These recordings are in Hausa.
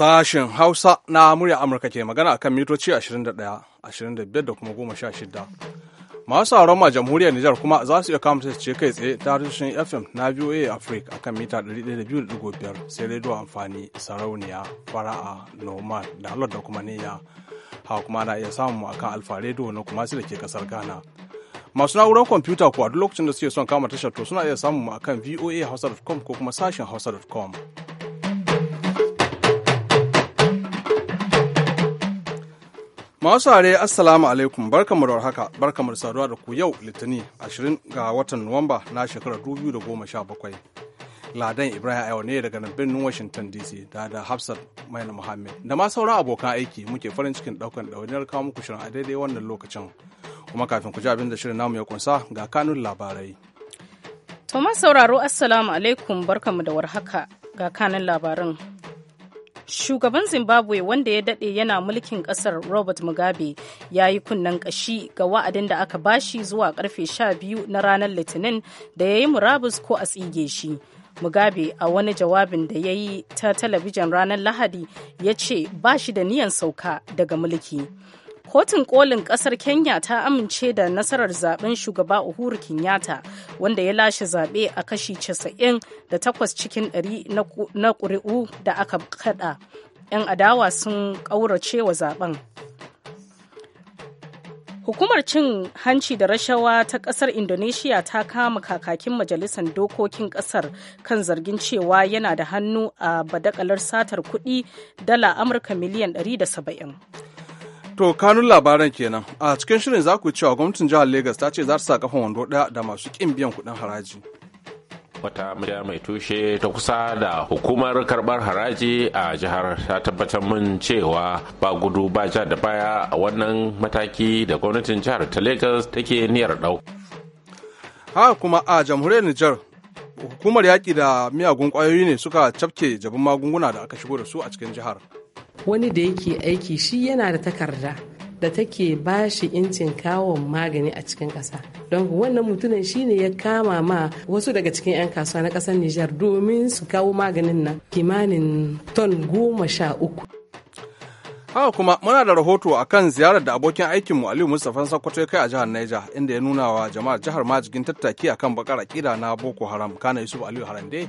Sashen Hausa na murya Amurka ke magana akan mitoci 21, da kuma 16. Masu sauran ma jamhuriyar Nijar kuma za su iya kama su ce kai tsaye ta harshen FM na VOA Africa akan mita 102.5 sai rediyo amfani sarauniya fara'a noma da halar da kuma niyya. ha kuma na iya samun mu akan alfa rediyo na kuma su da ke kasar Ghana. masu na'urar kwamfuta kuwa duk lokacin da suke son kama tashar to suna iya samun mu akan Hausa.com ko kuma sashen hausa.com. Masu are assalamu alaikum barkamu da warhaka barkamu da saduwa da ku yau litinin 20 ga watan Nuwamba na shekarar 2017. Ladan Ibrahim Ayo ne daga birnin Washington DC da da Hafsat Maina Muhammad da ma sauran abokan aiki muke farin cikin daukan ɗawainiyar kawo muku shirin a daidai wannan lokacin. Kuma kafin ku ji abin da shirin namu ya kunsa ga kanun labarai. To sauraro Assalamu alaikum barkamu da warhaka ga kanun labarin. shugaban zimbabwe wanda ya dade yana mulkin kasar robert mugabe ya yi kunnen kashi ga wa'adin da aka bashi zuwa karfe 12 na ranar litinin da ya yi murabus ko a tsige shi mugabe a wani jawabin da ya yi ta talabijin ranar lahadi ya ce ba shi da niyan sauka daga mulki kotun kolin kasar kenya ta amince da nasarar zaben shugaba uhuru kenyatta wanda ya lashe zaɓe a kashi 98 cikin 100 na ƙuri'u da aka kada 'yan adawa sun ƙaurace wa zaben Hukumar cin hanci da rashawa ta kasar indonesiya ta kama kakakin majalisar dokokin kasar kan zargin cewa yana da hannu a badakalar satar kuɗi dala Amurka miliyan 170. To kanun labaran kenan a cikin shirin za ku cewa gwamnatin jihar Legas ta ce za ta sa kafan wando ɗaya da masu ƙin biyan kuɗin haraji. wata murya mai tushe ta kusa da hukumar karbar haraji a jihar ta tabbatar mun cewa ba gudu ba ja da baya a wannan mataki da gwamnatin jihar ta lagos take niyyar dau ha kuma a jamhuriyar Nijar, hukumar yaƙi da miyagun ƙwayoyi ne suka cafke jabin magunguna da aka shigo da su a cikin jihar wani da yake aiki shi yana da takarda da take ba shi incin kawon magani a cikin ƙasa don wannan mutumin ne ya kama ma wasu daga cikin 'yan kasuwa na ƙasar Nijar domin su kawo maganin nan kimanin ton goma sha uku Haka kuma muna da rahoto a kan ziyarar da abokin aikinmu Aliyu Mustapha Sokoto ya kai a jihar Niger inda ya nuna wa jama'ar jihar majigin tattaki a kan bakar akida na Boko Haram kana Yusuf Aliyu Harande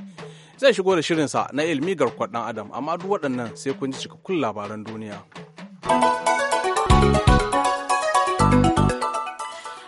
zai shigo da shirinsa na ilmi garkuwar ɗan Adam amma duk waɗannan sai kun ji cikakkun labaran duniya.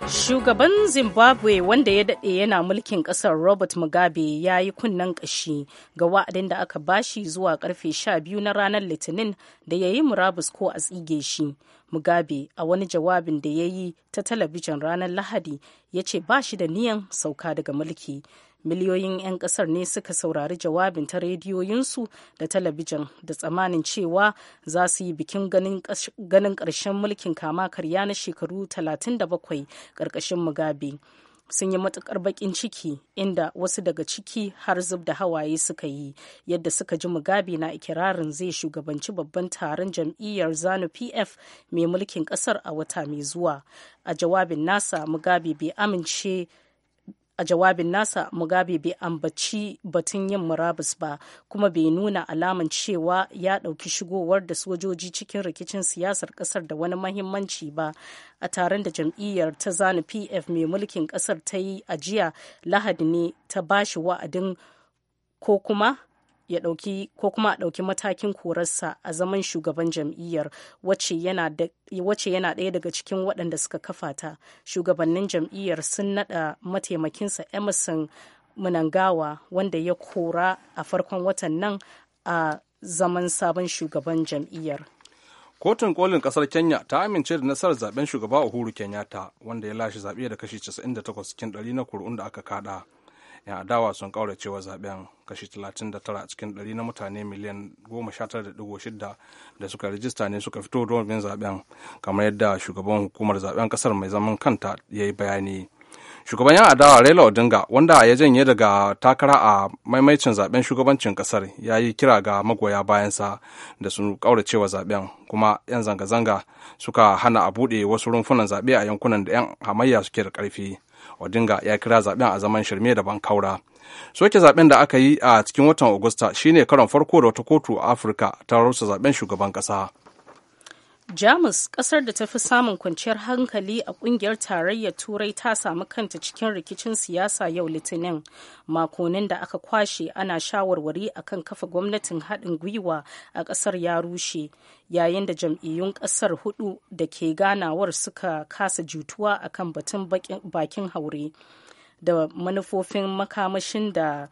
Shugaban Zimbabwe wanda ya daɗe yana mulkin ƙasar Robert Mugabe ya yi kunnen ƙashi ga wa'adin da aka bashi zuwa ƙarfe 12 na ranar Litinin da ya yi murabus ko a tsige shi. Mugabe a wani jawabin da ya yi ta talabijin ranar Lahadi ya ce ba shi da niyan sauka daga mulki miliyoyin 'yan kasar ne suka saurari jawabin ta rediyoyinsu da talabijin da tsamanin cewa za su yi bikin ganin ƙarshen mulkin kama karya na shekaru 37 ƙarƙashin mugabe sun yi matukar baƙin ciki inda wasu daga ciki har zub da hawaye suka yi yadda suka ji mugabe na ikirarin zai shugabanci babban taron jam'iyyar zanu pf mai mulkin kasar a wata mai zuwa a jawabin nasa mugabe bai amince a jawabin nasa mugabe bai ambaci batun yin murabus ba kuma bai nuna alaman cewa ya ɗauki shigowar da sojoji cikin rikicin siyasar ƙasar da wani mahimmanci ba a taron da jam'iyyar ta zana pf mai mulkin ƙasar ta yi a jiya lahadi ne ta bashi wa'adin ko kuma ya ɗauki ko kuma a ɗauki matakin korarsa a zaman shugaban jam'iyyar wacce yana ɗaya daga cikin waɗanda suka kafa ta shugabannin jam'iyyar sun naɗa mataimakinsa emerson munangawa wanda ya kora a farkon watan nan a zaman sabon shugaban jam'iyyar kotun kolin kasar kenya ta amince da nasarar zaben shugaba uhuru kenyatta wanda ya lashe zaɓe da kashi 98 cikin 100 na kuri'un da aka kada yan adawa sun kauracewa zaben kashi 39 a cikin 100 na mutane miliyan 19.6 da suka rijista ne suka fito domin zaben kamar yadda shugaban hukumar zaben kasar mai zaman kanta ya yi bayani shugaban yan adawa raila odinga wanda ya janye daga takara a maimaicin zaben shugabancin kasar ya yi kira ga magoya bayansa da kaura kauracewa zaben kuma yan zanga-zanga suka hana a buɗe wasu rumfunan zaɓe a yankunan da yan hamayya suke da karfi. odinga ya kira zaben a zaman shirme da bankaura soke zaben da aka yi a cikin watan agusta shine karon farko da wata kotu a afirka ta rusa zaben shugaban ƙasa jamus kasar da ta fi samun kwanciyar hankali a kungiyar tarayyar turai ta samu kanta cikin rikicin siyasa yau litinin makonin da aka kwashe ana shawarwari akan kafa gwamnatin haɗin gwiwa a ƙasar ya rushe yayin da jam'iyyun ƙasar hudu da ke ganawar suka kasa jutuwa akan batun bakin haure da manufofin makamashin da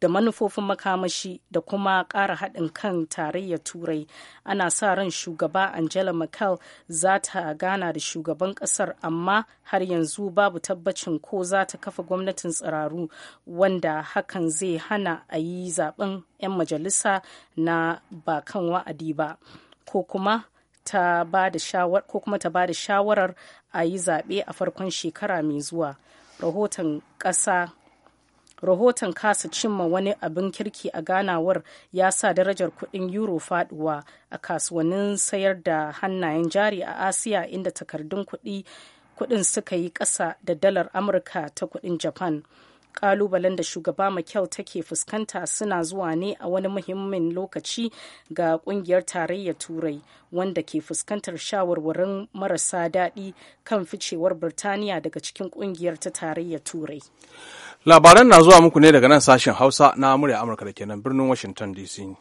da manufofin makamashi da kuma ƙara haɗin kan tarayyar turai ana sa ran shugaba angela merkel za ta gana da shugaban ƙasar amma har yanzu babu tabbacin ko za ta kafa gwamnatin tsiraru wanda hakan zai hana a yi zaben 'yan majalisa na ba kan wa'adi ba ko kuma ta ba da shawarar a yi zaɓe a farkon shekara mai zuwa rahoton ƙasa rahoton kasa cimma wani abin kirki a ganawar ya sa darajar kuɗin euro faduwa a kasuwannin sayar da hannayen jari a asiya inda takardun kuɗin suka yi ƙasa da dalar amurka ta kuɗin japan ƙalubalen da shugaba makyau take fuskanta suna zuwa ne a wani muhimmin lokaci ga kungiyar tarayyar turai wanda ke fuskantar shawarwarin marasa daɗi kan ficewar birtaniya daga cikin kungiyar ta tarayyar turai Labaran na zuwa muku ne daga nan sashen Hausa na murya Amurka da kenan birnin Washington DC.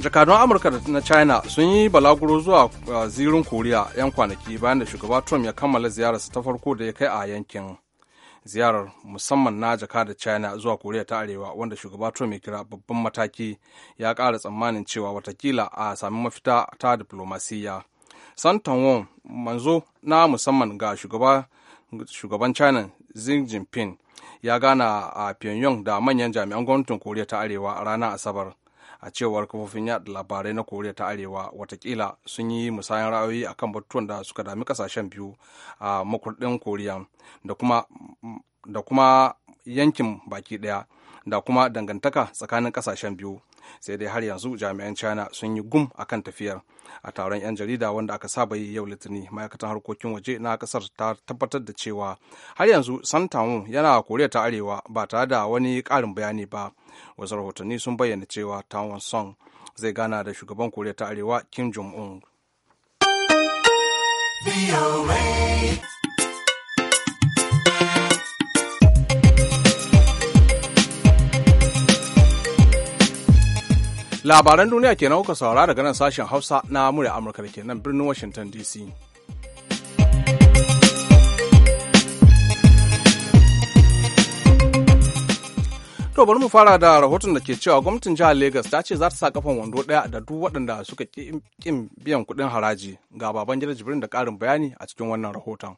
jakadun amurka da na china sun yi balaguro zuwa uh, zirin koriya 'yan kwanaki bayan da shugaba trump ya kammala ziyararsa ta farko da ya kai a yankin ziyarar musamman na jakadar china zuwa koriya ta arewa wanda shugaba trump ya kira babban mataki ya kara tsammanin cewa watakila a sami mafita ta diplomasiyya santan wong manzo na musamman ga shugaban china xi jinping ya gana a pyongyang da manyan jami'an gwamnatin koriya ta arewa a ranar asabar a cewar kafofin yada labarai na koriya ta arewa watakila sun yi musayan ra'ayoyi akan batutuwan da suka dami kasashen biyu a makurdin koriya da kuma yankin baki daya da kuma dangantaka tsakanin kasashen biyu sai dai har yanzu jami'an china sun yi gum akan tafiyar a taron 'yan jarida wanda aka saba yi yau litinin ma'aikatan harkokin waje na kasar ta tabbatar da cewa har yanzu santamun yana koriya ta arewa ba tare da wani karin bayani ba wasu rahotanni sun bayyana cewa tawon song zai gana da shugaban koriya ta arewa kim jong-un labaran duniya kenan kuka saurara daga nan sashen hausa na murya amurka da ke nan birnin washington dc To bari mu fara da rahoton da ke cewa gwamnatin jihar Legas ta ce za ta sa kafan wando ɗaya da duk waɗanda suka ƙin biyan kuɗin haraji ga baban gida jibrin da ƙarin bayani a cikin wannan rahoton.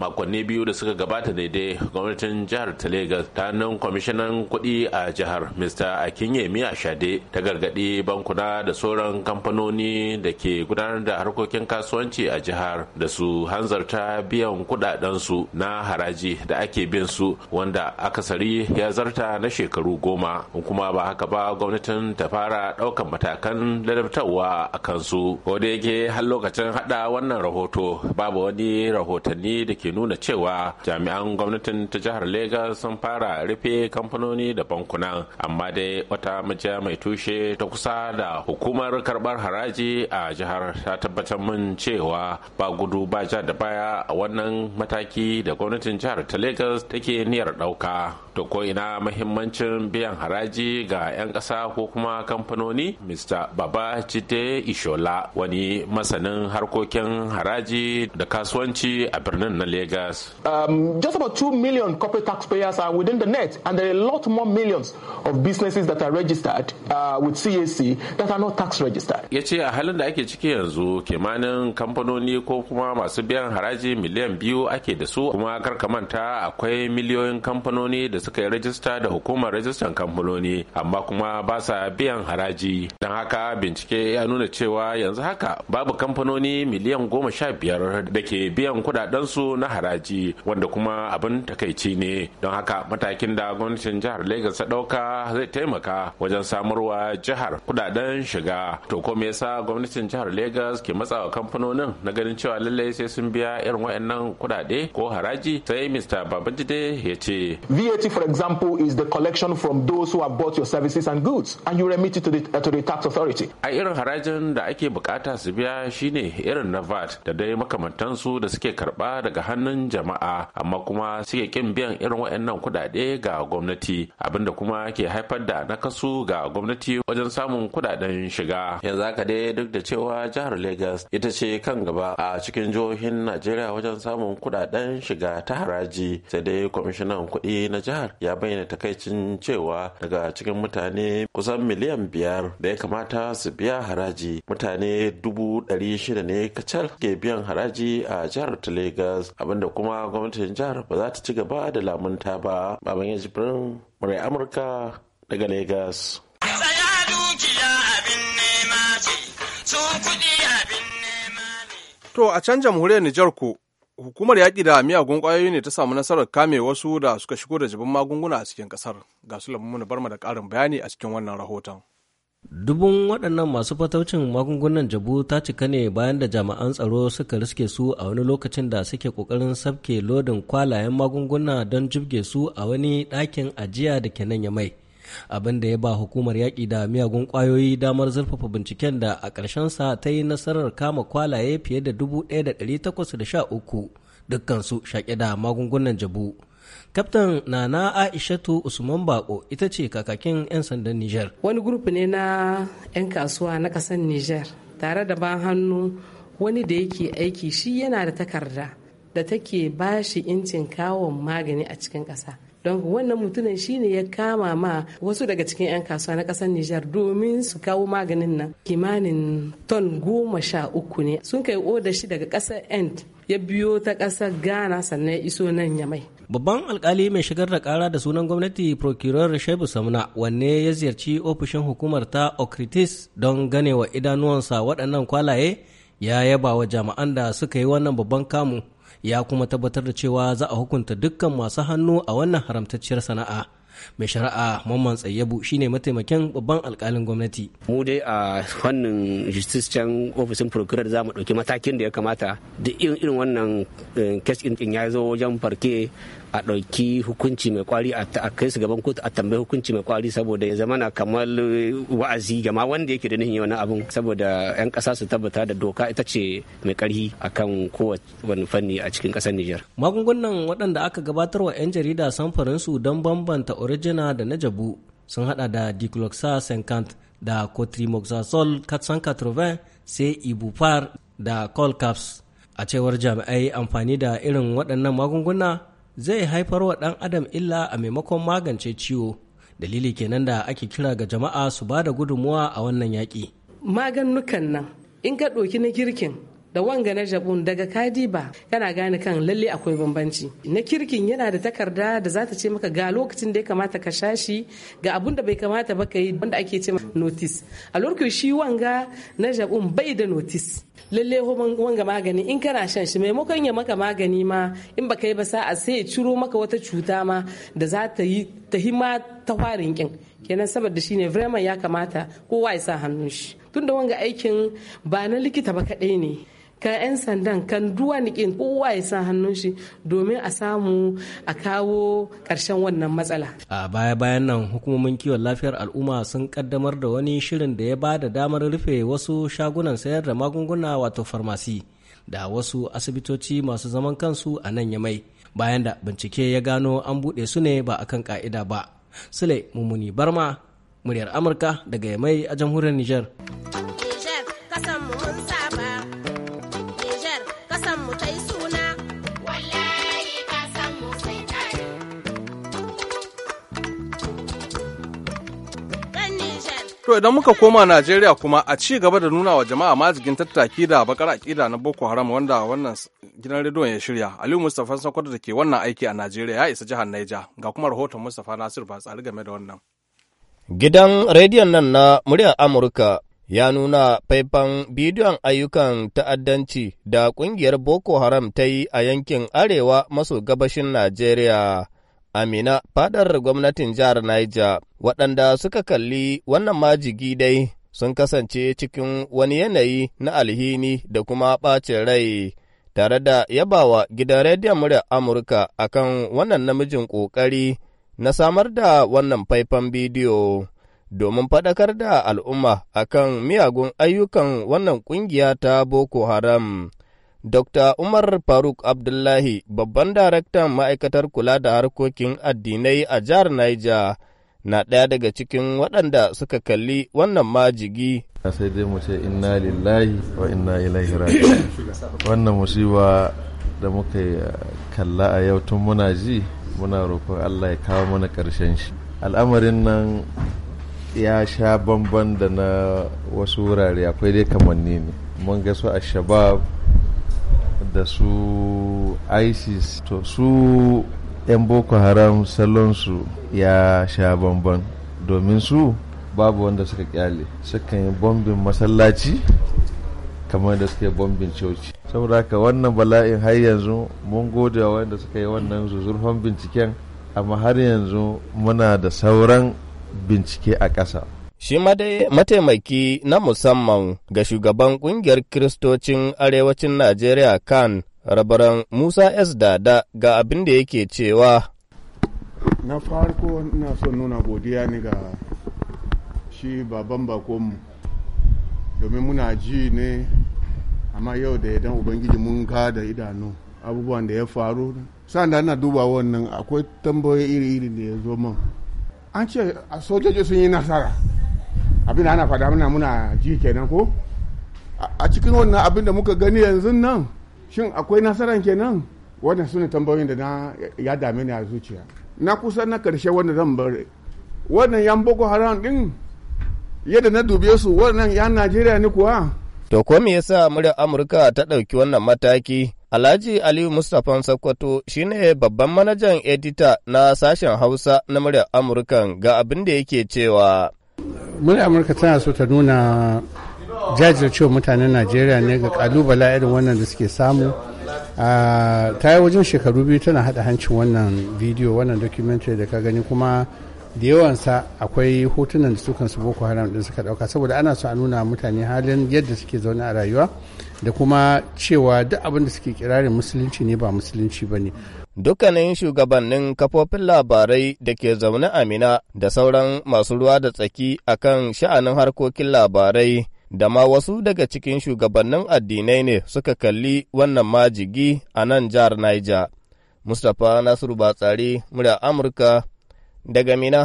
makonni biyu da suka gabata daidai gwamnatin jihar ta lagos ta nan kwamishinan kuɗi a jihar mr akinyemi Shade, ta gargaɗi bankuna da sauran kamfanoni da ke gudanar da harkokin kasuwanci a jihar da su hanzarta biyan kuɗaɗensu na haraji da ake bin su wanda akasari ya zarta na shekaru goma kuma ba haka ba gwamnatin ta fara ɗaukan matakan ladabtarwa a kansu ko da yake har lokacin haɗa wannan rahoto babu wani rahotanni da ke nuna cewa jami'an gwamnatin ta jihar Legas sun fara rufe kamfanoni da bankuna amma dai wata majiya mai tushe ta kusa da hukumar karbar haraji a jihar ta tabbatar min cewa ba gudu ba ja da baya a wannan mataki da gwamnatin jihar ta Legas take niyyar ɗauka. to ko ina mahimmancin biyan haraji ga 'yan ƙasa ko kuma kamfanoni mr baba jide ishola wani masanin harkokin haraji da kasuwanci a birnin na lagos um, just about 2 million corporate taxpayers are within the net and there are a lot more millions of businesses that are registered uh, with cac that are not tax registered ya ce a halin da ake ciki yanzu kimanin kamfanoni ko kuma masu biyan haraji miliyan biyu ake da su kuma kar manta akwai miliyoyin kamfanoni da suka yi rajista da hukumar rajistan kamfanoni amma kuma ba sa biyan haraji don haka bincike ya nuna cewa yanzu haka babu kamfanoni miliyan goma sha biyar da ke biyan kudadensu na haraji wanda kuma abin takaici ne don haka matakin da gwamnatin jihar lagos ta dauka zai taimaka wajen samarwa jihar kudaden shiga to ko me yasa gwamnatin jihar lagos ke matsawa kamfanonin na ganin cewa lallai sai sun biya irin waɗannan kudade ko haraji sai mr babajide ya ce vat for example, is the collection from those who have bought your services and goods, and you remit it to the, uh, to the tax authority. A irin harajin da ake bukata su biya shine irin na VAT da dai makamantansu da suke karba daga hannun jama'a, amma kuma suke kin biyan irin waɗannan kuɗaɗe ga gwamnati, abinda kuma ke haifar da nakasu ga gwamnati wajen samun kuɗaɗen shiga. Yanzu haka dai duk da cewa jihar Legas ita ce kan gaba a cikin jihohin Najeriya wajen samun kuɗaɗen shiga ta haraji, sai dai kwamishinan kuɗi na jihar jihar ya bayyana takaicin cewa daga cikin mutane kusan miliyan biyar da ya kamata su biya haraji mutane dubu ɗari shida ne kacal ke biyan haraji a jihar ta Legas abinda kuma gwamnatin jihar ba za ta ci gaba da lamunta ba. Baban ya jibirin murai Amurka daga Legas. Tsaya To a can jamhuriyar Nijar ko hukumar yaƙi da miyagun ƙwayoyi ne ta samu nasarar kame wasu da suka shigo da jibin magunguna a cikin ƙasar ga su lamuna barma da ƙarin bayani a cikin wannan rahoton dubun waɗannan masu fataucin magungunan jabu ta cika ne bayan da jami'an tsaro suka riske su a wani lokacin da suke ƙoƙarin sabke lodin kwalayen magunguna don jibge su a wani ɗakin ajiya da ke nan ya mai abin da ya ba hukumar yaƙi da miyagun ƙwayoyi damar zurfafa binciken da a ƙarshen sa ta yi nasarar kama kwalaye fiye da dubu ɗaya 1,813 dukkansu shaƙe da magungunan jabu. Kaftan Nana Aishatu Usman Bako ita ce kakakin 'yan sandan Niger. Wani grupu ne na 'yan kasuwa na ƙasar Nijar tare da ban hannu wani da yake aiki shi yana da takarda da take bashi incin kawon magani a cikin ƙasa. don wannan mutumin shine ya kama ma wasu daga cikin 'yan kasuwa na kasar Nijar domin su kawo maganin nan kimanin ton goma sha uku ne sun kai oda shi daga kasar end ya biyo ta kasar ghana sannan ya iso nan yamai babban alkali mai shigar da kara da sunan gwamnati procurer shaibu samna wanne ya ziyarci ofishin hukumar ta okritis don ganewa idanuwansa waɗannan kwalaye ya yaba wa jami'an da suka yi wannan babban kamu ya kuma tabbatar da cewa za a hukunta dukkan masu hannu a wannan haramtacciyar sana'a mai shari'a mamman tsayyabu shine mataimakin babban alkalin gwamnati mu dai a wannan justice can ofisin procurer za mu ɗauki matakin da ya kamata duk irin wannan kes eh, ɗin ya zo wajen farke a ɗauki hukunci mai kwari a kai su gaban kotu a tambayi hukunci mai kwari saboda ya zamana kamar eh, wa'azi gama wanda yake da nihin wani abin saboda 'yan ƙasa su tabbata da doka ita ce mai ƙarfi kan kowane fanni a cikin ƙasar Nijar. Magungunan waɗanda aka gabatar wa 'yan jarida samfarin su don bambanta orijina da na jabu sun haɗa da 50 da cotrimoxazole 480 sai ibupar da colcaps a cewar jami'ai amfani da irin waɗannan magunguna zai haifar wa ɗan adam illa a maimakon magance ciwo dalili kenan da ake kira ga jama'a su ba da gudunmuwa a wannan yaƙi maganukan nan in ka ɗauki na girkin da wanga na jabun daga kadiba kana gane kan lalle akwai bambanci na kirkin yana da takarda da za ta ce maka ga lokacin da ya kamata ka shashi ga abun da bai kamata ba ka yi wanda ake ce notis a lokacin shi wanga na jabun bai da notis lalle wanga magani in kana shan shi maimakon ya maka magani ma in baka yi ba sa'a sai ya ciro maka wata cuta ma da za ta yi ta hima ta kwarin kin kenan saboda shine vraiment ya kamata kowa ya sa hannun shi tunda wanga aikin ba na likita ba kadai ne kan 'yan sandan kan duwa nikin kowa ya sa hannun shi domin a samu a kawo karshen wannan matsala. A baya-bayan nan hukumomin kiwon lafiyar al'umma sun kaddamar da wani shirin da ya ba da damar rufe wasu shagunan sayar da magunguna wato farmasi da wasu asibitoci masu zaman kansu a nan ya mai bayan da bincike ya gano an buɗe su ne ba akan ka'ida ba. Sule Mummuni Barma, muryar Amurka daga yamai a jamhuriyar Nijar. To idan muka koma Najeriya kuma a ci gaba da nuna wa jama'a mazigin tattaki da bakar akida na Boko Haram wanda wannan gidan rediyon ya shirya. Aliyu Mustapha Sokoto da ke wannan aiki a Najeriya ya isa jihar Naija. Ga kuma rahoton Mustapha Nasir tsari game da wannan. Gidan rediyon nan na muryar Amurka ya nuna faifan bidiyon ayyukan ta'addanci da ƙungiyar Boko Haram ta yi a yankin arewa maso gabashin Najeriya. Amina fadar gwamnatin jihar Niger waɗanda suka kalli wannan majigi dai sun kasance cikin wani yanayi na alhini da kuma ɓacin rai tare da yabawa gidan rediyon murya Amurka akan wannan namijin ƙoƙari na samar da wannan faifan bidiyo domin faɗakar da al'umma akan miyagun ayyukan wannan ƙungiya ta Boko Haram. Dr. Umar Faruk Abdullahi, babban daraktan ma'aikatar kula da harkokin addinai a jihar Niger, na ɗaya daga cikin waɗanda suka kalli wannan majigi. Sai dai mu ce inna lillahi wa inna ilaihi Wannan musiba da muka kalla a yau tun muna ji muna roƙon Allah ya kawo mana ƙarshen shi. Al'amarin nan ya sha bamban da na wasu wurare akwai dai kamanni ne. Mun ga su a shabab da su isis to su 'yan boko haram salonsu ya sha bamban domin su babu wanda suka kyale sukan yi bombin masallaci kamar da suke bombin coci saboda haka wannan bala'in har yanzu mun gode wa wanda suka yi wannan zuzurfan binciken amma har yanzu muna da sauran bincike a ƙasa Shi dai mataimaki na musamman ga shugaban ƙungiyar Kiristocin Arewacin Najeriya kan rabaran Musa S. Dada ga abin da yake cewa. Na farko ina son nuna godiya ne ga shi baban bakonmu domin muna ji ne amma yau da idan Ubangiji mun ka da idanu abubuwan da ya faru. Sa'an da duba wannan akwai tambayoyi iri-iri da ya zo man. An ce a sojoji sun yi nasara. abin ana faɗa muna muna ji kenan ko a cikin wannan abin da muka gani yanzu nan shin akwai nasaran kenan wannan su ne tambayoyin da na ya dame ni a zuciya na kusa na karshe wanda zan bari wannan yan boko haram din yadda na dube su wannan yan najeriya ne kuwa to ko me yasa muryar amurka ta ɗauki wannan mataki Alhaji Aliyu Mustapha shi shine babban manajan edita na sashen Hausa na muryar Amurkan ga abin da yake cewa. murya amurka tana so ta nuna jajircewa mutanen najeriya ne ga kalubala irin wannan da suke samu ta yi wajen shekaru biyu tana hada hancin wannan bidiyo wannan documentary da ka gani kuma da yawansa akwai hotunan da sukan su boko haram din suka dauka saboda ana so a nuna mutane halin yadda suke zaune a rayuwa da kuma cewa duk abin da suke kirarin musulunci ne ba musulunci ba ne Dukkanin shugabannin kafofin labarai da ke zaune a Mina da sauran masu ruwa da tsaki akan sha'anin harkokin labarai da ma wasu daga cikin shugabannin addinai ne suka kalli wannan majigi a nan jihar Niger. Mustapha Nasiru Batsari, murya Amurka, daga Mina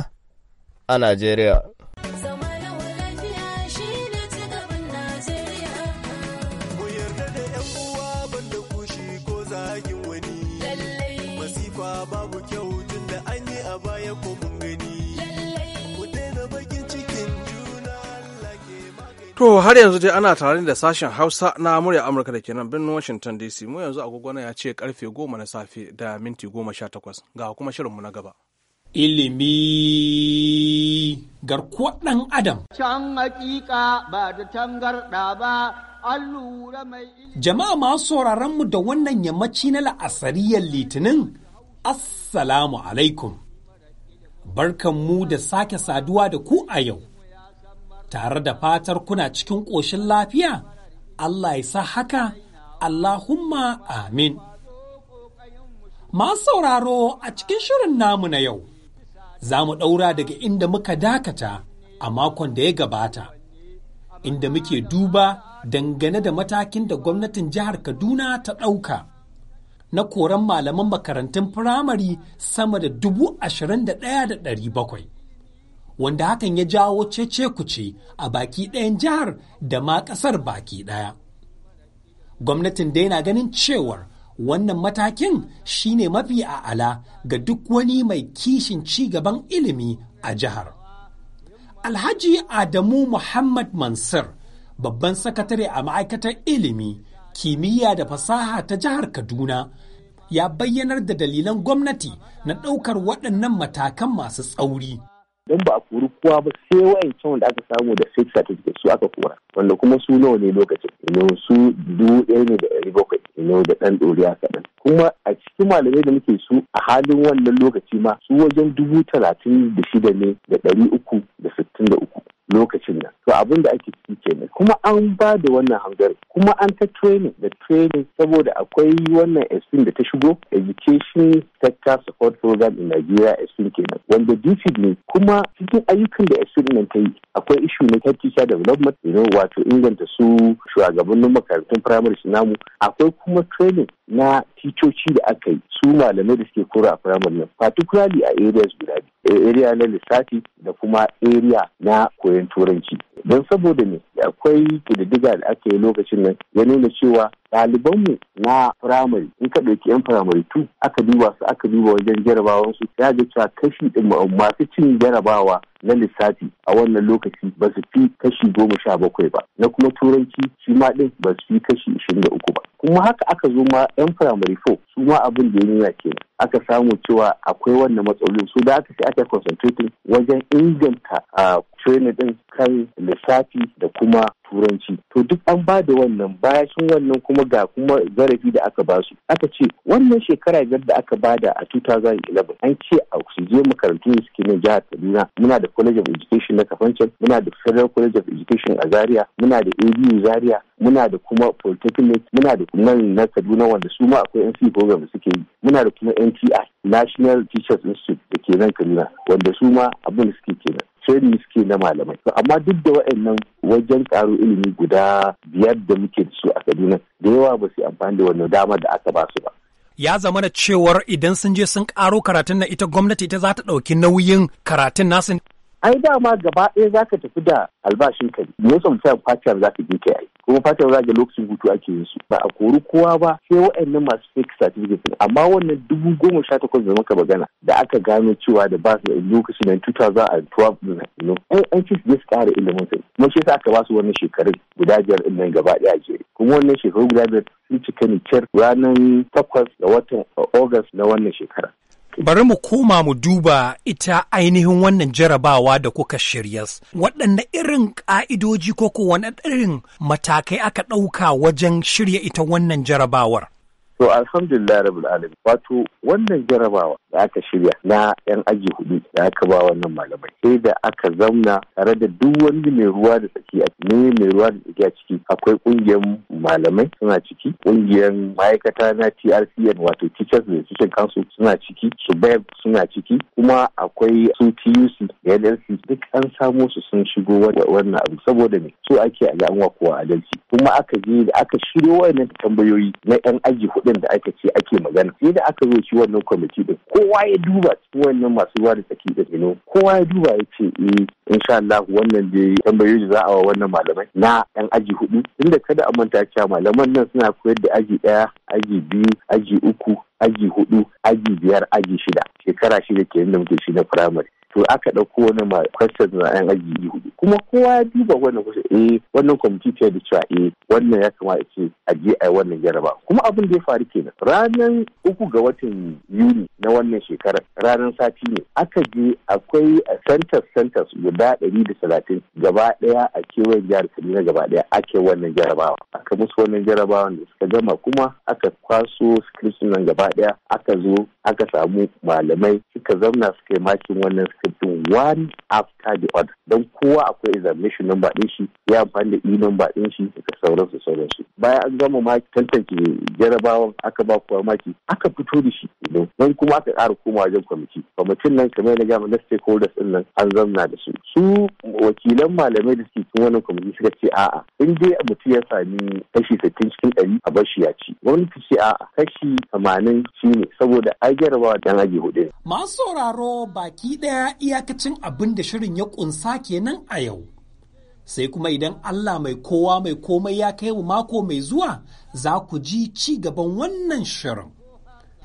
a Najeriya. To har yanzu dai ana tare da sashen Hausa na murya Amurka da kenan birnin Washington DC mu yanzu agogona ya ce karfe goma na safe da minti goma sha ga kuma shirinmu na gaba. Ilimi garkuwar ɗan Adam. Can hakika ba da tangarɗa ba Jama'a masu sauraron mu da wannan yammaci na la'asariyar litinin, Assalamu alaikum. Barkan mu da sake saduwa da ku a yau. tare da fatar kuna cikin ƙoshin lafiya? Allah ya sa haka, Allahumma amin. Masu sauraro a cikin shirin namu na yau, za mu ɗaura daga inda muka dakata a makon da ya gabata, inda muke duba dangane da matakin da gwamnatin jihar Kaduna ta ɗauka. Na koran malaman makarantun Firamari sama da dubu ashirin da ɗaya da ɗari bakwai. wanda hakan ya jawo cece-kuce a baki ɗayan jihar da ma ƙasar baki ɗaya. Gwamnatin dai na ganin cewar wannan matakin shine mafi a'ala ga duk wani mai kishin ci gaban ilimi a jihar. Alhaji Adamu Muhammad Mansur, babban sakatare a ma'aikatar ilimi, kimiyya da fasaha ta jihar Kaduna, ya bayyanar da dalilan gwamnati na ɗaukar waɗannan matakan masu tsauri. don ba a kori kowa ba sai wa'ancan wanda aka samu da sex certificate su aka kora wanda kuma su nawa ne lokacin ino su dubu ɗaya ne da ɗari bakwai ino da ɗan ɗoriya kaɗan kuma a cikin malamai da muke su a halin wannan lokaci ma su wajen dubu talatin da shida ne da ɗari uku da sittin da uku lokacin nan to abin da ake ciki kenan kuma an ba da wannan hangar kuma an ta training da training saboda akwai wannan esin da ta shigo education sector support program in Nigeria esin kenan wanda DCD ne kuma cikin ayyukan da esin nan ta yi akwai ishu na teacher development you know, wato inganta su shugabannin makarantun primary su namu akwai kuma training na ticoci da aka yi su malamai da suke kora a primary nan particularly a areas guda biyu area na lissafi da kuma area na koyon turanci don saboda ne akwai ƙididdiga da aka yi lokacin nan ya nuna cewa ɗalibanmu na firamare in ka ɗauki 'yan firamare tu aka duba su aka duba wajen jarabawan su ya ga cewa kashi ɗin masu cin jarabawa na lissafi a wannan lokaci ba su fi kashi goma sha bakwai ba na kuma turanci shi ma ɗin ba su fi kashi ishirin da uku ba kuma haka aka zo ma 'yan firamare fo su ma abin da ya nuna kenan aka samu cewa akwai wannan matsalolin su da aka sai aka concentrating wajen inganta a ah, training ɗin kan lissafi da kuma kuma turanci to duk an ba da wannan bayan wannan kuma ga kuma zarafi da aka ba su aka ce wannan shekara biyar da aka bada a 2011 an ce a su je makarantu da suke nan jihar kaduna muna da college of education na kafancan muna da federal college of education a zaria muna da abu zaria muna da kuma polytechnic muna da kuma na kaduna wanda su ma akwai nc program suke yi muna da kuma nti national teachers institute da ke nan kaduna wanda su ma abin da suke kenan training suke na malamai amma duk da wa'annan wajen karo ilimi guda biyar da muke da su a kaduna da yawa ba su amfani da wannan damar da aka ba su ba ya zama da cewar idan sun je sun karo karatun na ita gwamnati ita za ta ɗauki nauyin karatun nasu ai dama gaba ɗaya zaka tafi da albashin ka ne musamman fatar za ka je ka kuma fatan za ga lokacin hutu ake yin su ba a kori kowa ba sai waɗannan masu fake certificate amma wannan dubu goma sha takwas da muka magana da aka gano cewa da ba su lokacin nan 2012 ɗin an ci su ƙara ilimin sai kuma shi yasa aka ba su wannan shekarun guda biyar in nan gaba ɗaya jere kuma wannan shekaru guda biyar sun cika ne ranar takwas ga watan August na wannan shekara. Bari mu koma mu duba ita ainihin wannan jarabawa da kuka shirya. Waɗanne irin ƙa'idoji ko kuwa irin matakai aka ɗauka wajen shirya ita wannan jarabawar? To alhamdulillah rabul alamin wato wannan jarabawa da aka shirya na yan aji hudu da aka ba wannan malamai sai da aka zamna tare da duk wani mai ruwa da tsaki a ne mai ruwa da tsaki a ciki akwai kungiyar malamai suna ciki kungiyar ma'aikata na TRCN wato Teachers teaching Council suna ciki Subeb suna ciki kuma akwai su TUC da NLC duk an samo su sun shigo wannan abu saboda me so ake a ga an kowa adalci kuma aka je da aka shirya wayannan tambayoyi na yan aji hudu din da aka ce ake magana sai da aka zo shi wannan kwamiti din kowa ya duba su wannan masu ruwa da tsaki da zino kowa ya duba ya ce eh insha Allah wannan da tambayoyi za a wa wannan malamai na yan aji hudu tunda kada a manta cewa malaman nan suna koyar da aji ɗaya aji biyu aji uku aji hudu aji biyar aji shida shekara shida ke da muke shi na firamare to aka ɗauko wani ma kwastan na yan aji hudu kuma kowa ya duba wannan kusa E, eh, wannan kwamiti ta da cewa E, wannan ya kamata ce a je a yi wannan jaraba kuma abin da ya faru kenan ranar uku ga watan yuni na wannan shekarar ranar sati ne aka je akwai centers centers guda ɗari da talatin gaba ɗaya a kewayen jihar kaduna gaba ɗaya ake wannan jarabawa aka musu wannan jarabawa da suka gama kuma aka kwaso nan gaba ɗaya aka zo aka samu malamai suka zauna suka yi makin wannan script one after the other don kowa akwai examination number ɗin shi ya amfani da e number ɗin shi da sauransu sauransu bayan an gama maki tantance jarabawan aka ba kowa maki aka fito da shi don kuma aka ƙara koma wajen kwamiti kwamitin nan kamar na gama na stakeholders ɗin nan an zamna da su su wakilan malamai da suke cikin wannan kwamiti suka ce a'a in dai mutum ya sami kashi sittin cikin ɗari a bar shi ya ci ta ce a'a kashi tamanin shi ne saboda ai aji hudu. Masu sauraro baki ɗaya iyakacin abin da shirin ya ƙunsa kenan a yau. Sai kuma idan Allah mai kowa mai komai ya kai mako mai zuwa za ku ji ci gaban wannan shirin.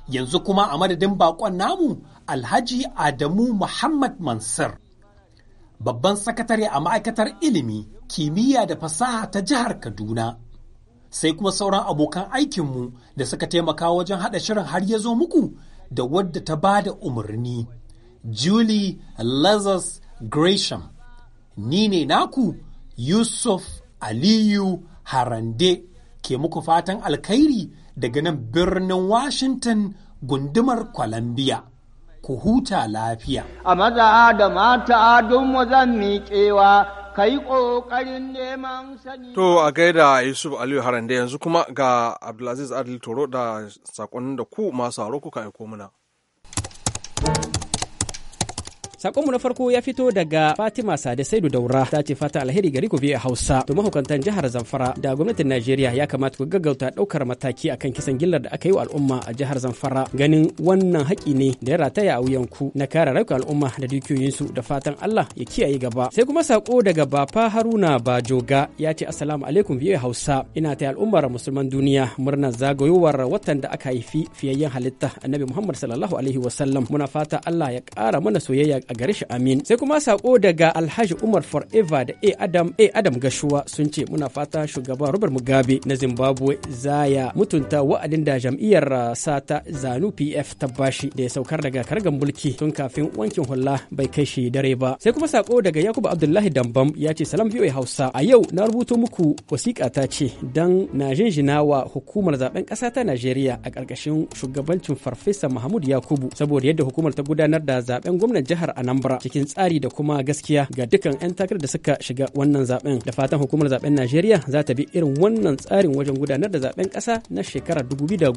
Yanzu kuma a madadin bakon namu Alhaji Adamu Muhammad Mansur. Babban sakatare a ma'aikatar ilimi, kimiyya da fasaha ta jihar Kaduna. sai kuma sauran abokan aikinmu da suka taimaka wajen haɗa shirin har ya zo muku da wadda ta ba da umarni Julie Lazarus Gresham, ni ne naku Yusuf Aliyu Harande ke muku fatan alkhairi daga nan birnin Washington gundumar Columbia. Ku huta lafiya. A maza da mata duk mu zan miƙewa ka yi ƙoƙarin neman sani. To a gaida Yusuf Aliyu Harande yanzu kuma ga Abdulaziz Adil Toro da saƙonnin da ku masu haro kuka aiko mana. Sakonmu na farko ya fito daga Fatima Sade Saidu Daura ta ce fata alheri gari ku biya Hausa. To mahukuntan jihar Zamfara da gwamnatin Najeriya ya kamata ku gaggauta ɗaukar mataki akan kisan gillar da aka yi wa al'umma a jihar Zamfara ganin wannan haƙi ne da ya rataya a wuyanku na kare rayukan al'umma da dukiyoyinsu da fatan Allah ya kiyaye gaba. Sai kuma sako daga Bafa Haruna Bajoga ya ce Assalamu alaikum biya Hausa. Ina ta al'ummar musulman duniya murnar zagayowar watan da aka haifi fiyayyen halitta Annabi Muhammad sallallahu alaihi wasallam. Muna fata Allah ya ƙara mana soyayya a gare shi amin sai kuma sako daga alhaji umar forever da a adam a adam gashuwa sun ce muna fata shugaba robert mugabe na zimbabwe zaya mutunta wa'adin da jam'iyyar uh, sata zanu pf ta bashi da ya saukar daga kargan mulki tun kafin wankin hula bai kai shi dare ba sai kuma sako daga yakubu abdullahi dambam ya ce salam biyu hausa a yau na rubuto muku wasiƙa ta ce dan na jinjina wa hukumar zaben ƙasa ta najeriya a ƙarƙashin shugabancin farfesa mahmud yakubu saboda yadda hukumar ta gudanar da zaben gwamnan jihar anambra cikin tsari da kuma gaskiya ga dukkan 'yan takarar da suka shiga wannan zaben da fatan hukumar zaben najeriya za ta bi irin wannan tsarin wajen gudanar da zaben kasa na shekarar 2019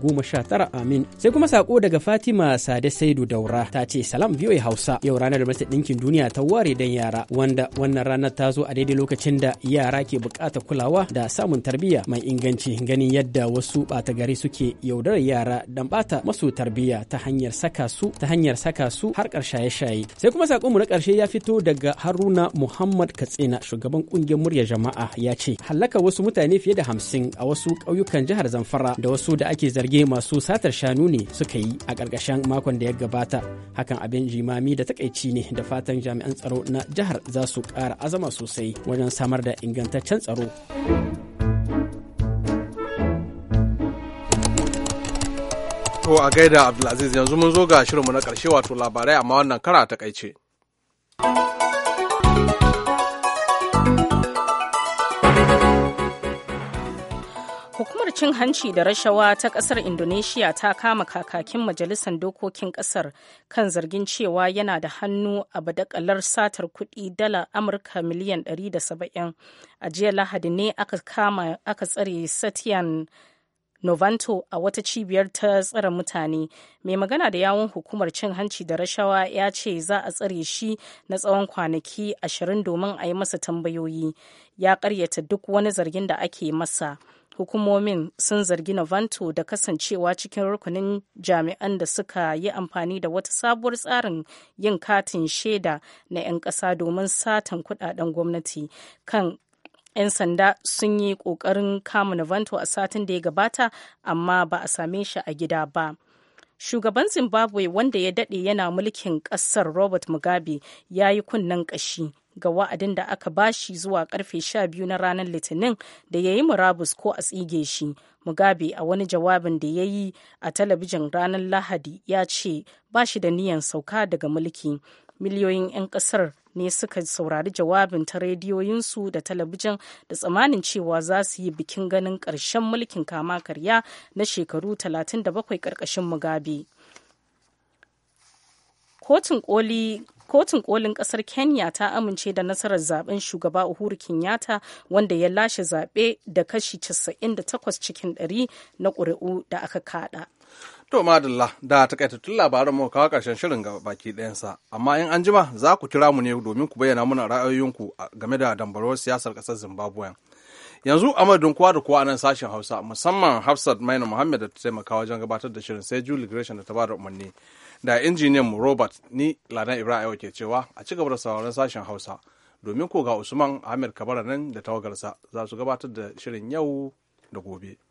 amin sai kuma sako daga fatima sade saidu daura ta ce salam voa hausa yau ranar da masu ɗinkin duniya ta ware dan yara wanda wannan ranar ta zo a daidai lokacin da yara ke bukata kulawa da samun tarbiyya mai inganci ganin yadda wasu bata gari suke yaudarar yara dan ɓata masu tarbiyya ta hanyar saka su ta hanyar saka su har shaye-shaye sai kuma sakonmu na ƙarshe ya fito daga Haruna Muhammad Katsina shugaban ƙungiyar murya jama'a ya ce halaka wasu mutane fiye da hamsin a wasu ƙauyukan jihar Zamfara da wasu da ake zarge masu satar shanu ne suka yi a ƙarƙashin makon da ya gabata. Hakan abin jimami da takaici ne da fatan jami'an tsaro na jihar za su ƙara azama sosai wajen samar da ingantaccen tsaro. To a gaida Abdulaziz yanzu mun zo ga shirinmu na ƙarshe wato labarai amma wannan kara ta kaice. Hukumar cin hanci da rashawa ta kasar indonesiya ta kama kakakin majalisar dokokin kasar kan zargin cewa yana da hannu a badakalar satar kuɗi dala Amurka miliyan 170. A jiya Lahadi ne aka tsare Satyan novanto a wata cibiyar ta tsare mutane mai magana da yawun hukumar cin hanci da rashawa ya ce za a tsare shi na tsawon kwanaki ashirin domin a yi masa tambayoyi ya karyata duk wani zargin da ake masa hukumomin sun zargi Novanto da kasancewa cikin rukunin jami'an da suka yi amfani da wata sabuwar tsarin yin katin shaida na 'yan ƙasa domin satan kudaden gwamnati kan 'yan sanda sun yi ƙoƙarin kama Navanto a satin da ya gabata amma ba a same shi a gida ba. Shugaban Zimbabwe wanda ya daɗe yana mulkin ƙasar Robert Mugabe ya yi kunnen ƙashi ga wa'adin da aka ba shi zuwa karfe 12 na ranar Litinin da ya yi murabus ko a tsige shi. Mugabe a wani jawabin da ya yi a talabijin ranar Lahadi ya ce ba shi da niyan sauka daga mulki miliyoyin 'yan kasar ne suka saurari jawabin ta rediyoyinsu da talabijin da tsamanin cewa za su yi bikin ganin ƙarshen mulkin kama karya na shekaru 37 ƙarƙashin mugabe kotun kolin kasar kenya ta amince da nasarar zaben shugaba uhuru kenyatta wanda ya lashe zaɓe da kashi 98 cikin 100 na ƙuri'u da aka kaɗa. To madalla da takaitattun labaran mu kawo karshen shirin ga baki ɗayansa amma in an jima za ku kira mu ne domin ku bayyana mana ra'ayoyinku game da dambarwar siyasar ƙasar Zimbabwe. Yanzu a madadin kowa da kowa nan sashen Hausa musamman Hafsat Maina Muhammad da ta taimaka wajen gabatar da shirin sai Julie Gresham da ta bada umarni da injiniyan mu Robert ni Ladan Ibrahim ke cewa a ci gaba da sauraron sashen Hausa domin ko ga Usman Ahmed Kabara nan da tawagarsa za su gabatar da shirin yau da gobe.